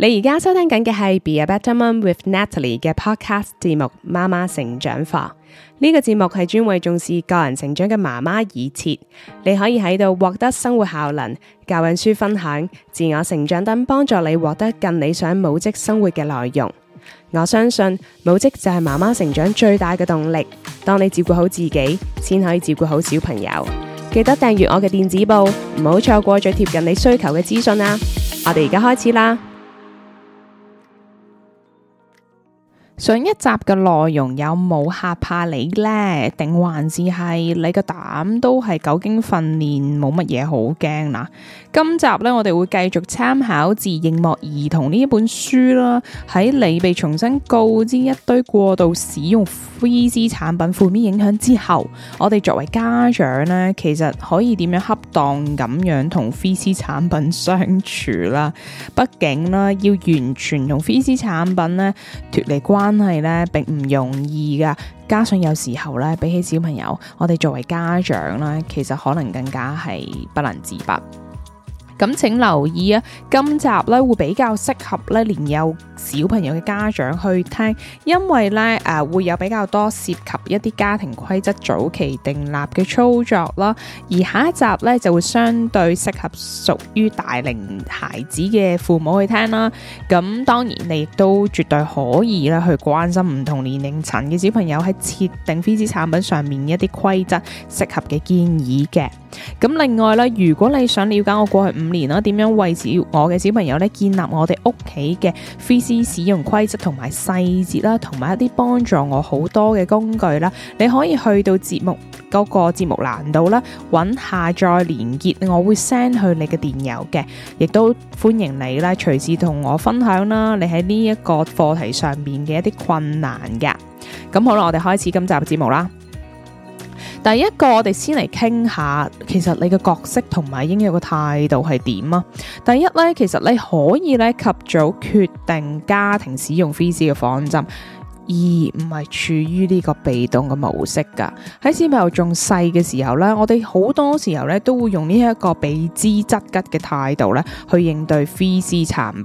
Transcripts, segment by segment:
你而家收聽緊嘅係《Be a Better Mom with Natalie》嘅 Podcast 節目《媽媽成長課》，呢個節目係專為重視個人成長嘅媽媽而設，你可以喺度獲得生活效能、教養書分享、自我成長等，幫助你獲得更理想母職生活嘅內容。我相信母職就係媽媽成長最大嘅動力。當你照顧好自己，先可以照顧好小朋友。記得訂閱我嘅電子報，唔好錯過最貼近你需求嘅資訊啊！我哋而家開始啦～上一集嘅內容有冇吓怕你呢？定還是係你個膽都係久經訓練，冇乜嘢好驚啦？今集咧，我哋會繼續參考《螢幕兒童》呢一本書啦。喺你被重新告知一堆過度使用 3C 產品負面影響之後，我哋作為家長呢，其實可以點樣恰當咁樣同 3C 產品相處啦？畢竟咧，要完全同 3C 產品呢脫離關係呢並唔容易噶。加上有時候呢，比起小朋友，我哋作為家長呢，其實可能更加係不能自拔。咁請留意啊，今集咧，會比較適合咧年幼小朋友嘅家長去聽，因為咧誒會有比較多涉及一啲家庭規則早期定立嘅操作啦。而下一集咧就會相對適合屬於大齡孩子嘅父母去聽啦。咁當然你亦都絕對可以去關心唔同年齡層嘅小朋友喺設定飛資產品上面一啲規則適合嘅建議嘅。咁另外咧，如果你想了解我過去年啦，點樣為小我嘅小朋友咧建立我哋屋企嘅 3C 使用規則同埋細節啦，同埋一啲幫助我好多嘅工具啦。你可以去到節目嗰個節目欄度啦，揾下載連結，我會 send 去你嘅電郵嘅。亦都歡迎你啦，隨時同我分享啦，你喺呢一個課題上面嘅一啲困難嘅。咁好啦，我哋開始今集節目啦。第一個我哋先嚟傾下，其實你嘅角色同埋應有嘅態度係點啊？第一咧，其實你可以咧及早決定家庭使用 3C 嘅方針，而唔係處於呢個被動嘅模式噶。喺小朋友仲細嘅時候咧，我哋好多時候咧都會用呢一個避之則吉嘅態度咧去應對 3C 產品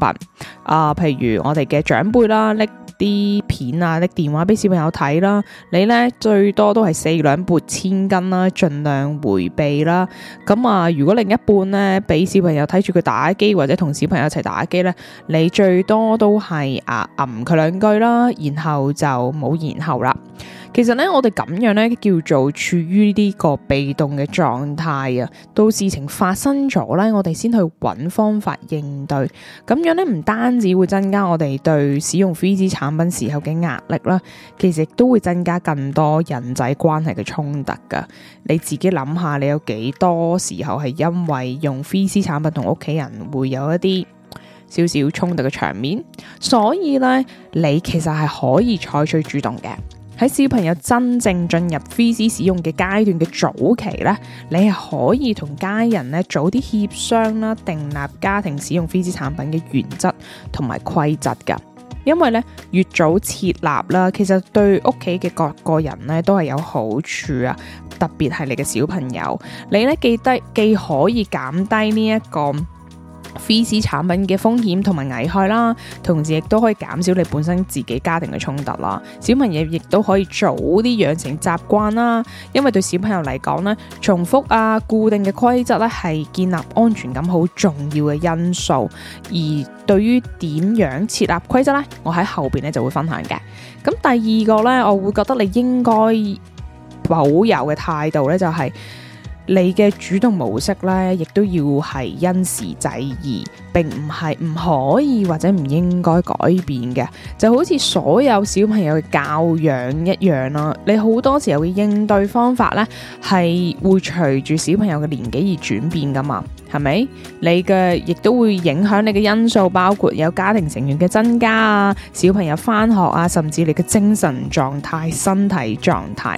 啊、呃，譬如我哋嘅長輩啦，啲片啊，啲電話俾小朋友睇啦，你咧最多都係四兩撥千斤啦，盡量回避啦。咁啊，如果另一半咧俾小朋友睇住佢打機或者同小朋友一齊打機咧，你最多都係啊揞佢、嗯、兩句啦，然後就冇然後啦。其實咧，我哋咁樣咧叫做處於呢個被動嘅狀態啊，到事情發生咗咧，我哋先去揾方法應對。咁樣咧唔單止會增加我哋對使用 free 產品時候嘅壓力啦，其實都會增加更多人際關係嘅衝突噶。你自己諗下，你有幾多時候係因為用 3C 產品同屋企人會有一啲少少衝突嘅場面？所以咧，你其實係可以採取主動嘅。喺小朋友真正進入 3C 使用嘅階段嘅早期咧，你係可以同家人咧早啲協商啦，訂立家庭使用 3C 產品嘅原則同埋規則噶。因為呢，越早設立，其實對屋企嘅各個人都係有好處，啊、特別係你嘅小朋友，你咧既低既可以減低呢、這、一個。3C 產品嘅風險同埋危害啦，同時亦都可以減少你本身自己家庭嘅衝突啦。小朋友亦都可以早啲養成習慣啦，因為對小朋友嚟講呢，重複啊、固定嘅規則咧，係建立安全感好重要嘅因素。而對於點樣設立規則呢，我喺後邊咧就會分享嘅。咁第二個呢，我會覺得你應該保有嘅態度呢就係、是。你嘅主動模式咧，亦都要係因時制宜，並唔係唔可以或者唔應該改變嘅。就好似所有小朋友嘅教養一樣啦，你好多時候嘅應對方法咧，係會隨住小朋友嘅年紀而轉變㗎嘛，係咪？你嘅亦都會影響你嘅因素，包括有家庭成員嘅增加啊，小朋友返學啊，甚至你嘅精神狀態、身體狀態。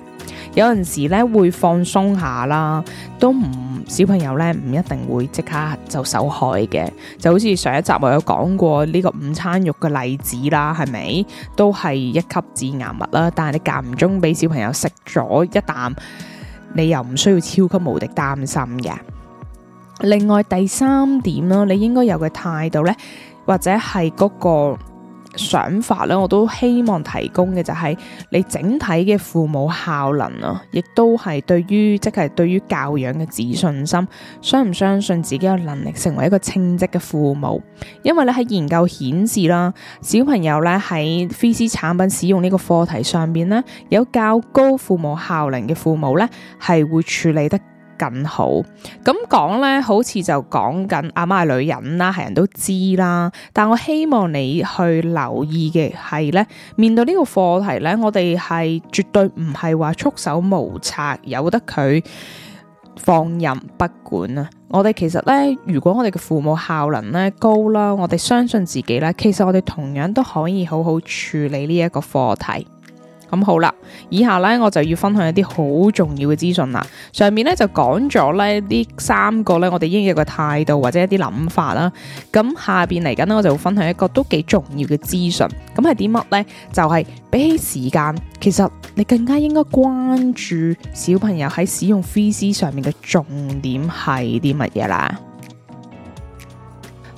有陣時咧會放鬆一下啦，都唔小朋友咧唔一定會即刻就受害嘅，就好似上一集我有講過呢個午餐肉嘅例子啦，係咪都係一級致癌物啦？但係你間唔中俾小朋友食咗一啖，你又唔需要超級無敵擔心嘅。另外第三點咯，你應該有嘅態度咧，或者係嗰個。想法咧，我都希望提供嘅就係、是、你整體嘅父母效能啊，亦都係對於即係、就是、對於教養嘅自信心，相唔相信自己有能力成為一個稱職嘅父母？因為咧喺研究顯示啦，小朋友咧喺 3C 產品使用呢個課題上邊咧，有較高父母效能嘅父母咧，係會處理得。更好。咁講呢，好似就講緊阿媽係女人啦，係人都知啦。但我希望你去留意嘅係呢，面對呢個課題呢，我哋係絕對唔係話束手無策，由得佢放任不管啊！我哋其實呢，如果我哋嘅父母效能呢高啦，我哋相信自己呢，其實我哋同樣都可以好好處理呢一個課題。咁好啦，以下咧我就要分享一啲好重要嘅資訊啦。上面咧就講咗咧呢三個咧我哋應有嘅態度或者一啲諗法啦。咁下邊嚟緊咧我就會分享一個都幾重要嘅資訊。咁係點乜咧？就係、是、比起時間，其實你更加應該關注小朋友喺使用 3C 上面嘅重點係啲乜嘢啦。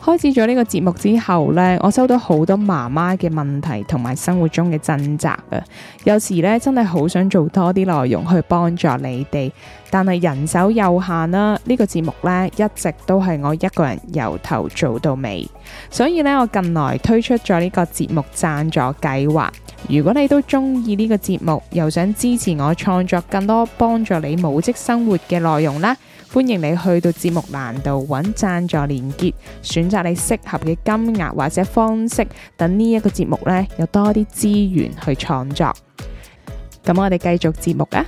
開始咗呢個節目之後呢，我收到好多媽媽嘅問題同埋生活中嘅掙扎啊！有時呢，真係好想做多啲內容去幫助你哋，但係人手有限啦。呢個節目呢，一直都係我一個人由頭做到尾，所以呢，我近來推出咗呢個節目贊助計劃。如果你都中意呢個節目，又想支持我創作更多幫助你母職生活嘅內容啦。歡迎你去到節目欄度揾贊助連結，選擇你適合嘅金額或者方式，等呢一個節目呢，有多啲資源去創作。咁我哋繼續節目啊！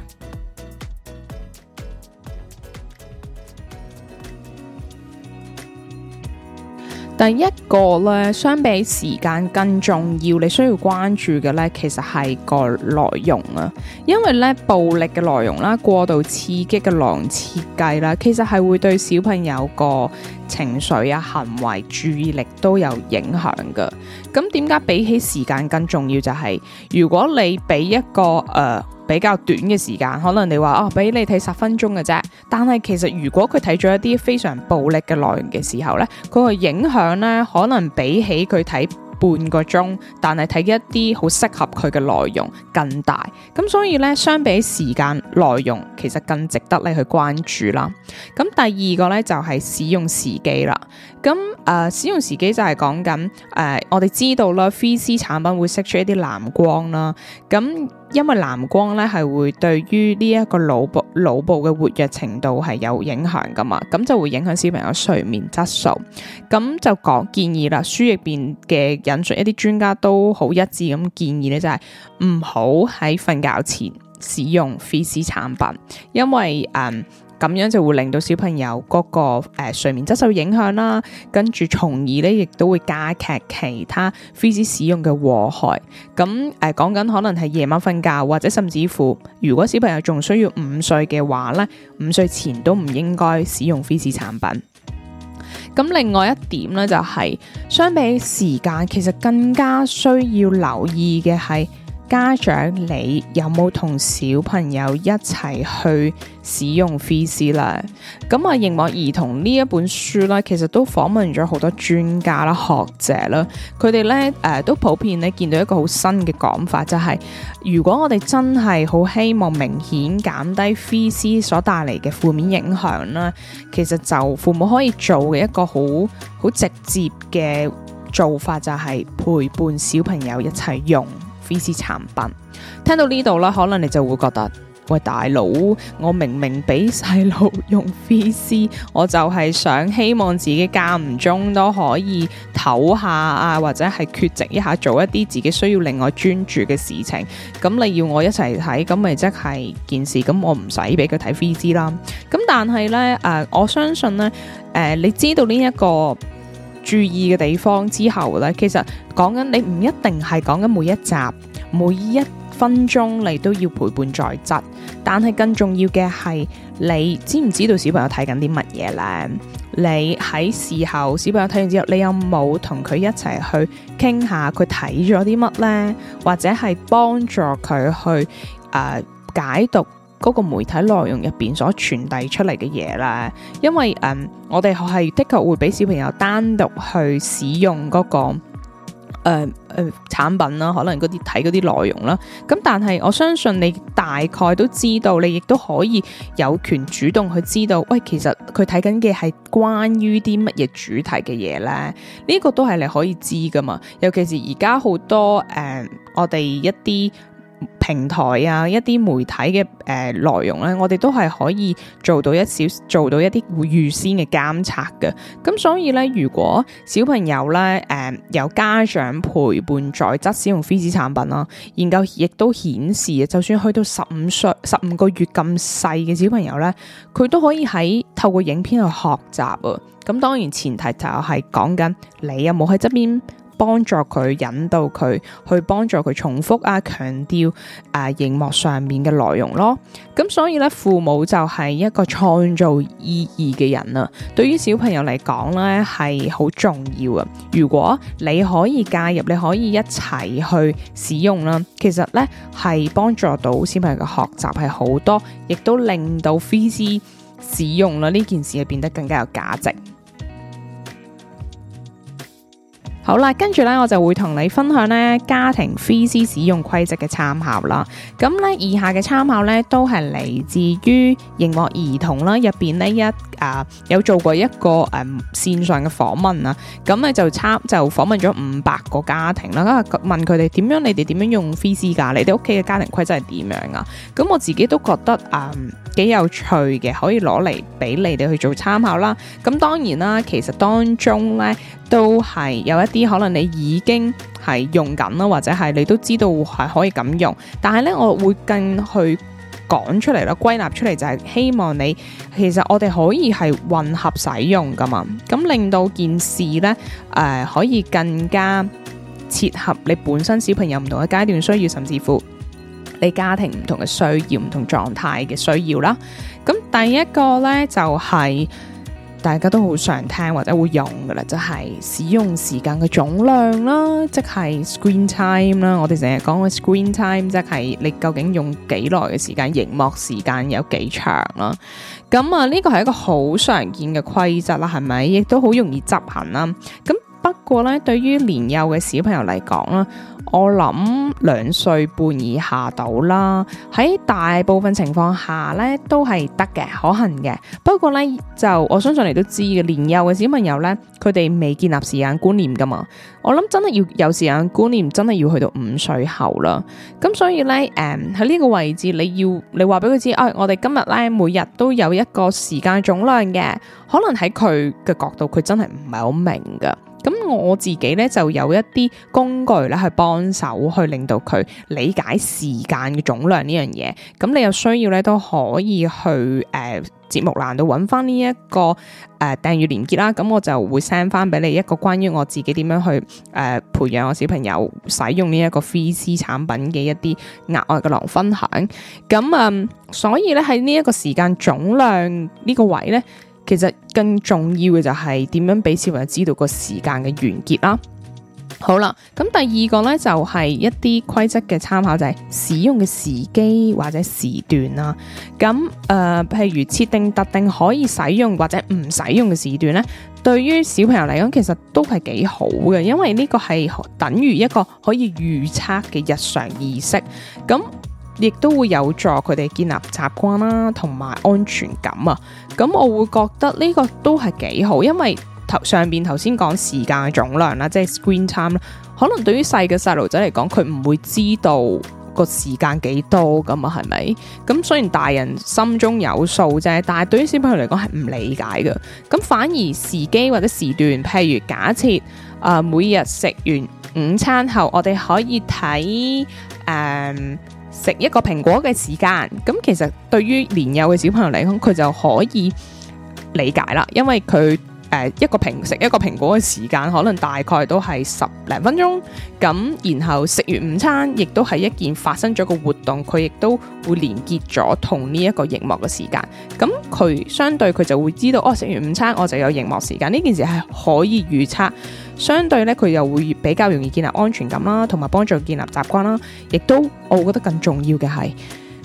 第一個咧，相比時間更重要，你需要關注嘅咧，其實係個內容啊，因為咧暴力嘅內容啦、過度刺激嘅狼設計啦，其實係會對小朋友個情緒啊、行為、注意力都有影響嘅。咁點解比起時間更重要，就係，就係如果你俾一個誒。呃比較短嘅時間，可能你話哦，俾你睇十分鐘嘅啫。但係其實如果佢睇咗一啲非常暴力嘅內容嘅時候呢，佢嘅影響呢，可能比起佢睇半個鐘，但係睇一啲好適合佢嘅內容更大。咁所以呢，相比時間內容，其實更值得你去關注啦。咁第二個呢，就係、是、使用時機啦。咁誒、呃、使用時機就係講緊誒，我哋知道啦 3C 產品會釋出一啲藍光啦。咁因為藍光咧係會對於呢一個腦部腦部嘅活躍程度係有影響噶嘛，咁就會影響小朋友睡眠質素。咁就講建議啦，書入邊嘅引述一啲專家都好一致咁建議咧、就係，就係唔好喺瞓覺前使用 3C 產品，因為誒。呃咁樣就會令到小朋友嗰個誒睡眠質素受影響啦，跟住從而咧亦都會加劇其他 3C 使用嘅禍害。咁誒講緊可能係夜晚瞓覺，或者甚至乎，如果小朋友仲需要午睡嘅話咧，午睡前都唔應該使用 3C 產品。咁另外一點咧就係、是、相比時間，其實更加需要留意嘅係。家長，你有冇同小朋友一齊去使用 3C 啦？咁、啊、我《螢幕兒童》呢一本書啦，其實都訪問咗好多專家啦、學者啦，佢哋咧誒都普遍咧見到一個好新嘅講法，就係、是、如果我哋真係好希望明顯減低 3C 所帶嚟嘅負面影響啦，其實就父母可以做嘅一個好好直接嘅做法，就係、是、陪伴小朋友一齊用。3C 產品，聽到呢度啦，可能你就會覺得，喂，大佬，我明明俾細路用 3C，我就係想希望自己間唔中都可以唞下啊，或者係缺席一下，做一啲自己需要另外專注嘅事情。咁你要我一齊睇，咁咪即係件事。咁我唔使俾佢睇 3C 啦。咁但係呢，誒、呃，我相信呢，誒、呃，你知道呢、這、一個。注意嘅地方之後咧，其實講緊你唔一定係講緊每一集每一分鐘，你都要陪伴在側。但係更重要嘅係你知唔知道小朋友睇緊啲乜嘢咧？你喺時候小朋友睇完之後，你有冇同佢一齊去傾下佢睇咗啲乜咧？或者係幫助佢去誒、呃、解讀。嗰、那個媒體內容入邊所傳遞出嚟嘅嘢啦，因為誒、嗯，我哋係的確會俾小朋友單獨去使用嗰、那個誒誒、呃呃、產品啦，可能嗰啲睇嗰啲內容啦。咁、嗯、但係我相信你大概都知道，你亦都可以有權主動去知道，喂，其實佢睇緊嘅係關於啲乜嘢主題嘅嘢咧？呢、這個都係你可以知㗎嘛？尤其是而家好多誒、嗯，我哋一啲。平台啊，一啲媒體嘅誒內容咧，我哋都係可以做到一小做到一啲預先嘅監察嘅。咁所以咧，如果小朋友咧由、呃、家長陪伴在側使用飛紙產品啦，研究亦都顯示啊，就算去到十五歲、十五個月咁細嘅小朋友咧，佢都可以喺透過影片去學習啊。咁當然前提就係講緊你有冇喺側邊。幫助佢引導佢，去幫助佢重複啊、強調啊，熒幕上面嘅內容咯。咁所以咧，父母就係一個創造意義嘅人啦。對於小朋友嚟講咧，係好重要啊。如果你可以介入，你可以一齊去使用啦。其實咧係幫助到小朋友嘅學習係好多，亦都令到 3C 使用啦呢件事係變得更加有價值。好啦，跟住咧，我就會同你分享咧家庭 3C 使用規則嘅參考啦。咁咧，以下嘅參考咧都係嚟自於螢幕兒童啦，入邊呢，一、呃、有做過一個誒、呃、線上嘅訪問啊。咁咧就參就訪問咗五百個家庭啦，咁啊問佢哋點樣，你哋點樣用 3C 噶？你哋屋企嘅家庭規則係點樣啊？咁我自己都覺得誒幾、呃、有趣嘅，可以攞嚟俾你哋去做參考啦。咁當然啦，其實當中咧。都係有一啲可能你已經係用緊啦，或者係你都知道係可以咁用，但係呢，我會更去講出嚟啦，歸納出嚟就係希望你，其實我哋可以係混合使用㗎嘛，咁令到件事呢，誒、呃、可以更加切合你本身小朋友唔同嘅階段的需要，甚至乎你家庭唔同嘅需要、唔同狀態嘅需要啦。咁第一個呢，就係、是。大家都好常聽或者會用噶啦，就係使用時間嘅總量啦，即係 screen time 啦。我哋成日講嘅 screen time，即係你究竟用幾耐嘅時間，熒幕時間有幾長啦。咁啊，呢個係一個好常見嘅規則啦，係咪？亦都好容易執行啦。咁。不過咧，對於年幼嘅小朋友嚟講啦，我諗兩歲半以下到啦，喺大部分情況下咧都係得嘅，可行嘅。不過咧就我相信你都知嘅，年幼嘅小朋友咧，佢哋未建立時間觀念噶嘛。我諗真係要有時間觀念，真係要去到五歲後啦。咁所以咧，誒喺呢個位置你要你話俾佢知，誒我哋今日咧每日都有一個時間總量嘅，可能喺佢嘅角度佢真係唔係好明噶。咁我自己咧就有一啲工具咧，去幫手去令到佢理解時間嘅總量呢樣嘢。咁你有需要咧都可以去誒、呃、節目欄度揾翻呢一個誒訂閱連結啦。咁我就會 send 翻俾你一個關於我自己點樣去誒、呃、培養我小朋友使用呢一個 3C 產品嘅一啲額外嘅內容分享。咁啊、嗯，所以咧喺呢一個時間總量呢個位咧。其實更重要嘅就係點樣俾小朋友知道個時間嘅完結啦。好啦，咁第二個呢，就係、是、一啲規則嘅參考，就係、是、使用嘅時機或者時段啦、啊。咁誒、呃，譬如設定特定可以使用或者唔使用嘅時段呢，對於小朋友嚟講，其實都係幾好嘅，因為呢個係等於一個可以預測嘅日常儀式咁。亦都會有助佢哋建立習慣啦，同埋安全感啊。咁我會覺得呢個都係幾好，因為頭上邊頭先講時間嘅總量啦，即係 screen time 啦。可能對於細嘅細路仔嚟講，佢唔會知道個時間幾多㗎嘛，係咪？咁雖然大人心中有數啫，但係對於小朋友嚟講係唔理解嘅。咁反而時機或者時段，譬如假設啊、呃，每日食完午餐後，我哋可以睇誒。呃食一個蘋果嘅時間，咁其實對於年幼嘅小朋友嚟講，佢就可以理解啦，因為佢。誒一個蘋食一個蘋果嘅時間，可能大概都係十零分鐘咁。然後食完午餐，亦都係一件發生咗個活動，佢亦都會連結咗同呢一個熒幕嘅時間。咁佢相對佢就會知道，我、哦、食完午餐我就有熒幕時間。呢件事係可以預測，相對呢佢又會比較容易建立安全感啦，同埋幫助建立習慣啦。亦都我覺得更重要嘅係。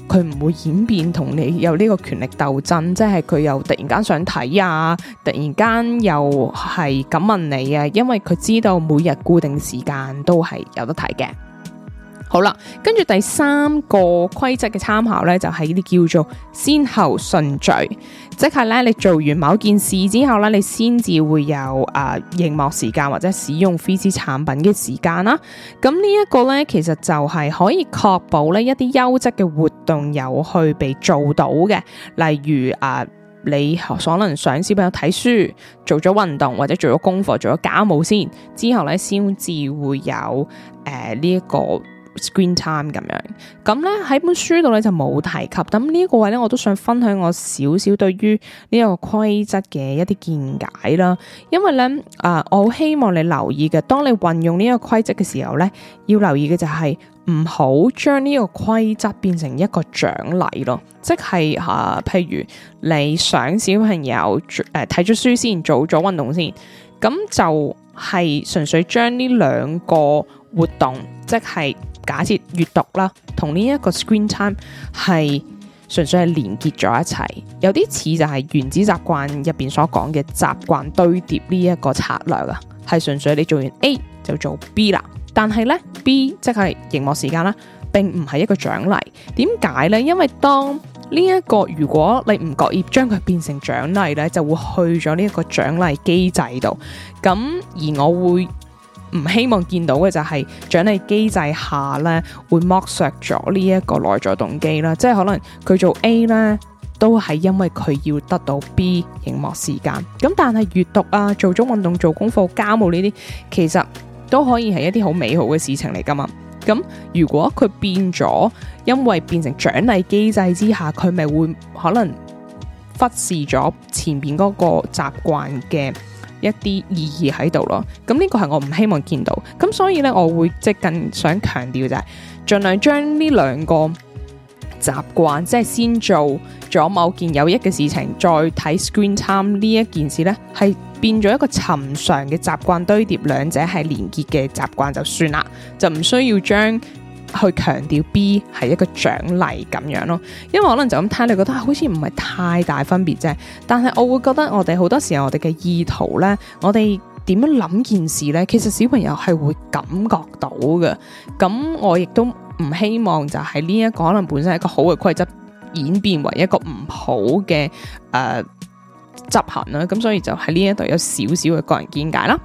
佢唔會演變同你有呢個權力鬥爭，即係佢又突然間想睇啊，突然間又係咁問你啊，因為佢知道每日固定時間都係有得睇嘅。好啦，跟住第三個規則嘅參考呢，就係呢啲叫做先後順序，即係咧你做完某件事之後咧，你先至會有啊，呃、熒幕時間或者使用 3C 產品嘅時間啦。咁呢一個呢，其實就係可以確保呢一啲優質嘅活動有去被做到嘅，例如啊、呃，你可能想小朋友睇書，做咗運動或者做咗功課，做咗家務先，之後呢，先至會有誒呢一個。Screen time 咁樣咁咧，喺本書度咧，就冇提及咁，呢個位咧，我都想分享我少少對於呢個規則嘅一啲見解啦。因為咧啊、呃，我好希望你留意嘅，當你運用呢個規則嘅時候咧，要留意嘅就係唔好將呢個規則變成一個獎勵咯，即係、呃、譬如，你想小朋友誒睇咗書先做咗運動先，咁就係純粹將呢兩個活動即係。假設閱讀啦，同呢一個 screen time 係純粹係連結咗一齊，有啲似就係原子習慣入邊所講嘅習慣堆疊呢一個策略啊，係純粹你做完 A 就做 B 啦。但係呢 B 即係螢幕時間啦，並唔係一個獎勵。點解呢？因為當呢一個如果你唔覺意將佢變成獎勵呢，就會去咗呢一個獎勵機制度。咁而我會，唔希望見到嘅就係獎勵機制下咧，會剝削咗呢一個內在動機啦。即係可能佢做 A 呢都係因為佢要得到 B 螢幕時間。咁但係閲讀啊、做鍾運動、做功課、家務呢啲，其實都可以係一啲好美好嘅事情嚟噶嘛。咁如果佢變咗，因為變成獎勵機制之下，佢咪會可能忽視咗前面嗰個習慣嘅。一啲意義喺度咯，咁呢個係我唔希望見到，咁所以呢，我會即係更想強調就係，盡量將呢兩個習慣，即係先做咗某件有益嘅事情，再睇 screen time 呢一件事呢，係變咗一個尋常嘅習慣堆疊，兩者係連結嘅習慣就算啦，就唔需要將去強調 B 係一個獎勵咁樣咯，因為可能就咁聽，你覺得好似唔係太大分別啫。但係我會覺得我哋好多時候我哋嘅意圖呢，我哋點樣諗件事呢？其實小朋友係會感覺到嘅。咁我亦都唔希望就喺呢一個可能本身係一個好嘅規則演變為一個唔好嘅誒、呃、執行啦。咁所以就喺呢一度有少少嘅個人見解啦。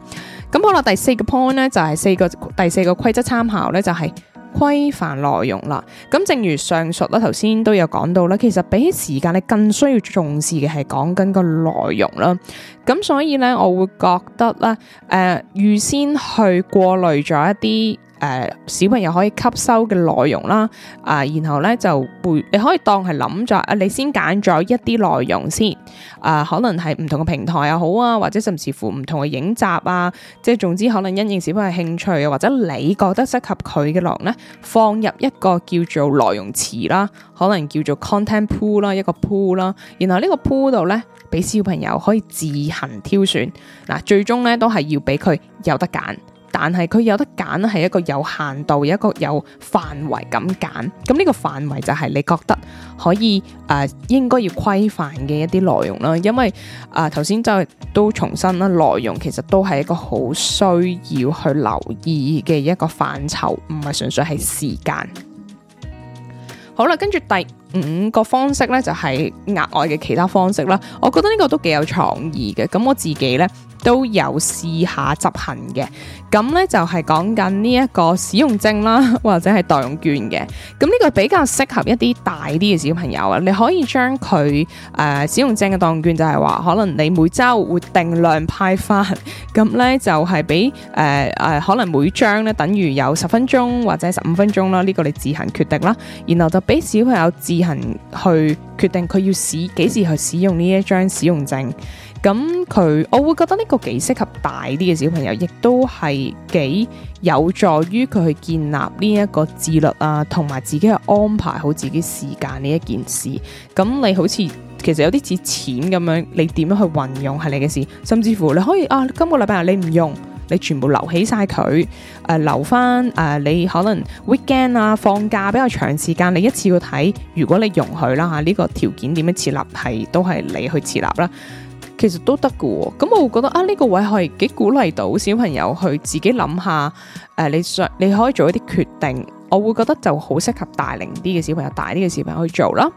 咁好啦，第四個 point 呢，就係四個第四個規則參考呢，就係、係。規範內容啦，咁正如上述啦，頭先都有講到啦，其實比起時間，你更需要重視嘅係講緊個內容啦。咁所以咧，我會覺得啦誒，預先去過濾咗一啲。誒、呃、小朋友可以吸收嘅內容啦，啊、呃，然後咧就會你可以當係諗咗，啊、呃，你先揀咗一啲內容先，啊、呃，可能係唔同嘅平台又好啊，或者甚至乎唔同嘅影集啊，即係總之可能因應小朋友興趣啊，或者你覺得適合佢嘅內容咧，放入一個叫做內容池啦，可能叫做 content pool 啦，一個 pool 啦，然後呢個 pool 度咧，俾小朋友可以自行挑選，嗱、呃，最終咧都係要俾佢有得揀。但係佢有得揀咧，係一個有限度，一個有範圍咁揀。咁呢個範圍就係你覺得可以誒、呃，應該要規範嘅一啲內容啦。因為誒頭先就都重申啦，內容其實都係一個好需要去留意嘅一個範疇，唔係純粹係時間。好啦，跟住第五個方式咧，就係、是、額外嘅其他方式啦。我覺得呢個都幾有創意嘅。咁我自己咧，都有試下執行嘅，咁呢就係講緊呢一個使用證啦，或者係代用券嘅。咁呢個比較適合一啲大啲嘅小朋友啊。你可以將佢誒，使用證嘅代用券就是說，就係話可能你每周會定量派翻，咁呢就係俾誒誒，可能每張呢等如有十分鐘或者十五分鐘啦，呢、這個你自行決定啦。然後就俾小朋友自行去決定佢要使幾時去使用呢一張使用證。咁佢，我會覺得呢個幾適合大啲嘅小朋友，亦都係幾有助於佢去建立呢一個自律啊，同埋自己去安排好自己時間呢一件事。咁你好似其實有啲似錢咁樣，你點樣去運用係你嘅事，甚至乎你可以啊，今個禮拜日你唔用，你全部留起晒佢，誒、呃、留翻誒、呃、你可能 weekend 啊放假比較長時間，你一次過睇，如果你容許啦吓，呢、啊這個條件點樣設立係都係你去設立啦。其實都得嘅，咁我會覺得啊，呢個位係幾鼓勵到小朋友去自己諗下，誒，你想你可以做一啲決定，我會覺得就好適合大齡啲嘅小朋友，大啲嘅小朋友去做啦。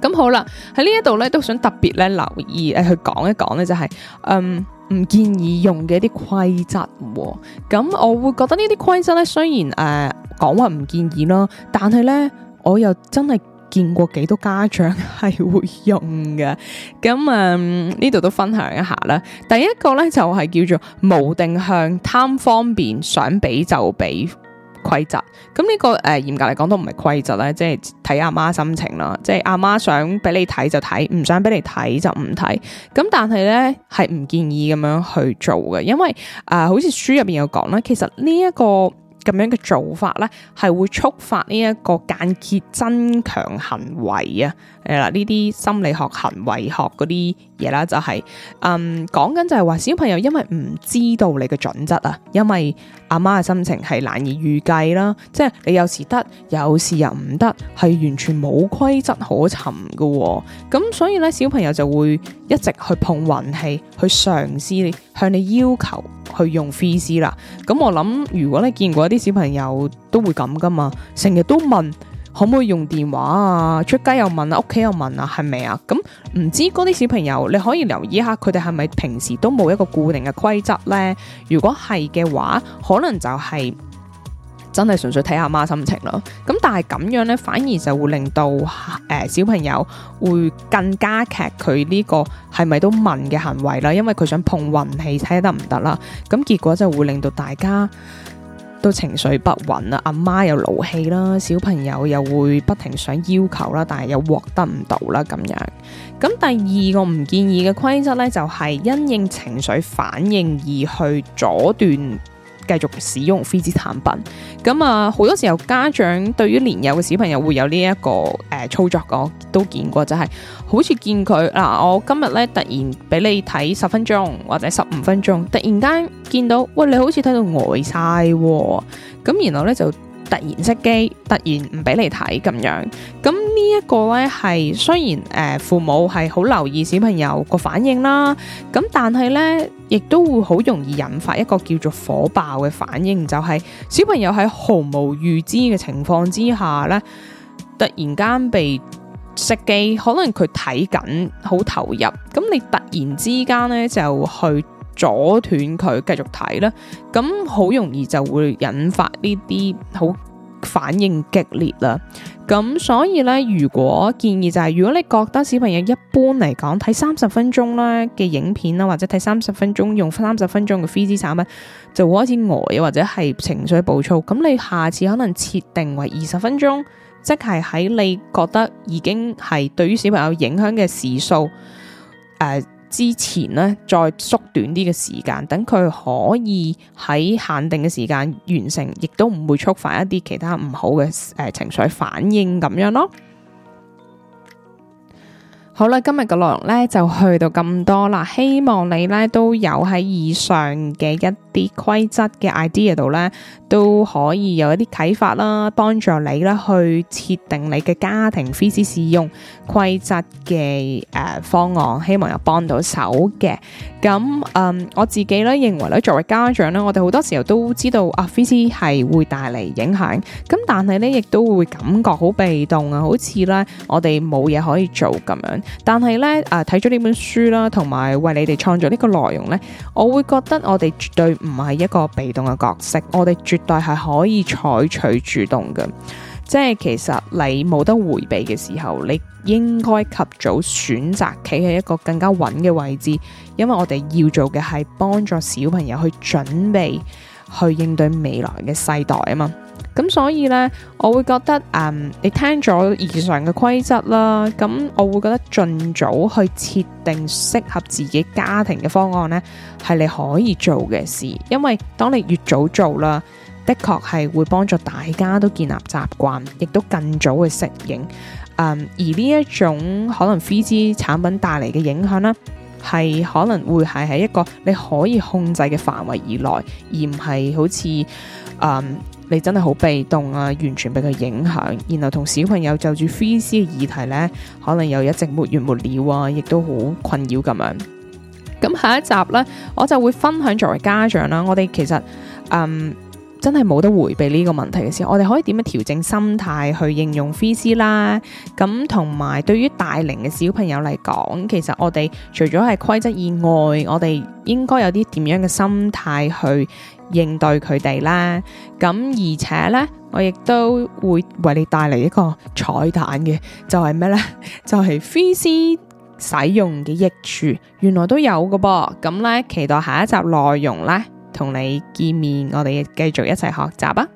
咁好啦，喺呢一度咧都想特別咧留意誒去講一講咧，就係嗯唔建議用嘅一啲規則。咁我會覺得呢啲規則咧雖然誒講話唔建議咯，但係咧我又真係。見過幾多家長係會用嘅，咁誒呢度都分享一下啦。第一個咧就係、是，叫做無定向貪方便，想俾就俾規則。咁呢、這個誒、呃、嚴格嚟講都唔係規則咧，即係睇阿媽心情啦，即係阿媽想俾你睇就睇，唔想俾你睇就唔睇。咁但係咧係唔建議咁樣去做嘅，因為啊、呃，好似書入邊有講啦，其實呢、這、一個。咁樣嘅做法呢，係會觸發呢一個間歇增強行為啊。誒、嗯、啦，呢啲心理學、行為學嗰啲嘢啦，就係嗯講緊就係話，小朋友因為唔知道你嘅準則啊，因為阿媽嘅心情係難以預計啦，即係你有時得，有時又唔得，係完全冇規則可尋嘅。咁所以呢，小朋友就會。一直去碰運氣，去嘗試向你要求去用 3C 啦。咁我諗，如果你見過一啲小朋友都會咁㗎嘛，成日都問可唔可以用電話啊？出街又問啊，屋企又問啊，係咪啊？咁唔知嗰啲小朋友，你可以留意一下佢哋係咪平時都冇一個固定嘅規則呢？如果係嘅話，可能就係、是，真係純粹睇阿媽心情咯，咁但係咁樣呢，反而就會令到誒、呃、小朋友會更加劇佢呢個係咪都問嘅行為啦，因為佢想碰運氣睇得唔得啦，咁結果就會令到大家都情緒不穩啦，阿媽又勞氣啦，小朋友又會不停想要求啦，但係又獲得唔到啦，咁樣。咁第二個唔建議嘅規則呢，就係、是、因應情緒反應而去阻斷。繼續使用 3C 產品，咁啊，好多時候家長對於年幼嘅小朋友會有呢、這、一個誒、呃、操作，我都見過，就係、是、好似見佢嗱、啊，我今日咧突然俾你睇十分鐘或者十五分鐘，突然間見到喂你好似睇到呆晒，咁然後咧就突然熄機，突然唔俾你睇咁樣，咁呢一個咧係雖然誒、呃、父母係好留意小朋友個反應啦，咁但係咧。亦都會好容易引發一個叫做火爆嘅反應，就係、是、小朋友喺毫無預知嘅情況之下呢，突然間被熄機，可能佢睇緊好投入，咁你突然之間呢，就去阻斷佢繼續睇啦，咁好容易就會引發呢啲好。反應激烈啦，咁所以呢，如果建議就係、是，如果你覺得小朋友一般嚟講睇三十分鐘啦嘅影片啦，或者睇三十分鐘用三十分鐘嘅 3C 產品就會開始呆、呃、或者係情緒暴躁，咁你下次可能設定為二十分鐘，即係喺你覺得已經係對於小朋友影響嘅時數誒。呃之前咧，再縮短啲嘅時間，等佢可以喺限定嘅時間完成，亦都唔會觸發一啲其他唔好嘅誒、呃、情緒反應咁樣咯。好啦，今日嘅內容咧就去到咁多啦。希望你咧都有喺以上嘅一啲規則嘅 idea 度咧，都可以有一啲啟發啦，幫助你呢去設定你嘅家庭 3C 使用規則嘅誒方案。希望有幫到手嘅。咁嗯、呃，我自己咧認為咧，作為家長咧，我哋好多時候都知道啊 3C 係會帶嚟影響，咁但係咧亦都會感覺好被動啊，好似咧我哋冇嘢可以做咁樣。但係咧，啊，睇咗呢本書啦，同埋為你哋創作呢個內容呢，我會覺得我哋絕對唔係一個被動嘅角色，我哋絕對係可以採取主動嘅。即係其實你冇得回避嘅時候，你應該及早選擇企喺一個更加穩嘅位置，因為我哋要做嘅係幫助小朋友去準備去應對未來嘅世代啊嘛。咁所以呢，我會覺得，嗯，你聽咗以上嘅規則啦，咁我會覺得盡早去設定適合自己家庭嘅方案呢，係你可以做嘅事。因為當你越早做啦，的確係會幫助大家都建立習慣，亦都更早去適應。嗯，而呢一種可能 3C 產品帶嚟嘅影響咧，係可能會係喺一個你可以控制嘅範圍以內，而唔係好似，嗯。你真係好被動啊！完全被佢影響，然後同小朋友就住 3C 嘅議題呢，可能又一直沒完沒了啊！亦都好困擾咁樣。咁下一集呢，我就會分享作為家長啦、啊，我哋其實嗯真係冇得回避呢個問題嘅先。我哋可以點樣調整心態去應用 3C 啦？咁同埋對於大齡嘅小朋友嚟講，其實我哋除咗係規則以外，我哋應該有啲點樣嘅心態去？應對佢哋啦，咁而且咧，我亦都會為你帶嚟一個彩蛋嘅，就係咩咧？就係 3C 使用嘅益處，原來都有嘅噃。咁咧，期待下一集內容咧，同你見面，我哋繼續一齊學習啊！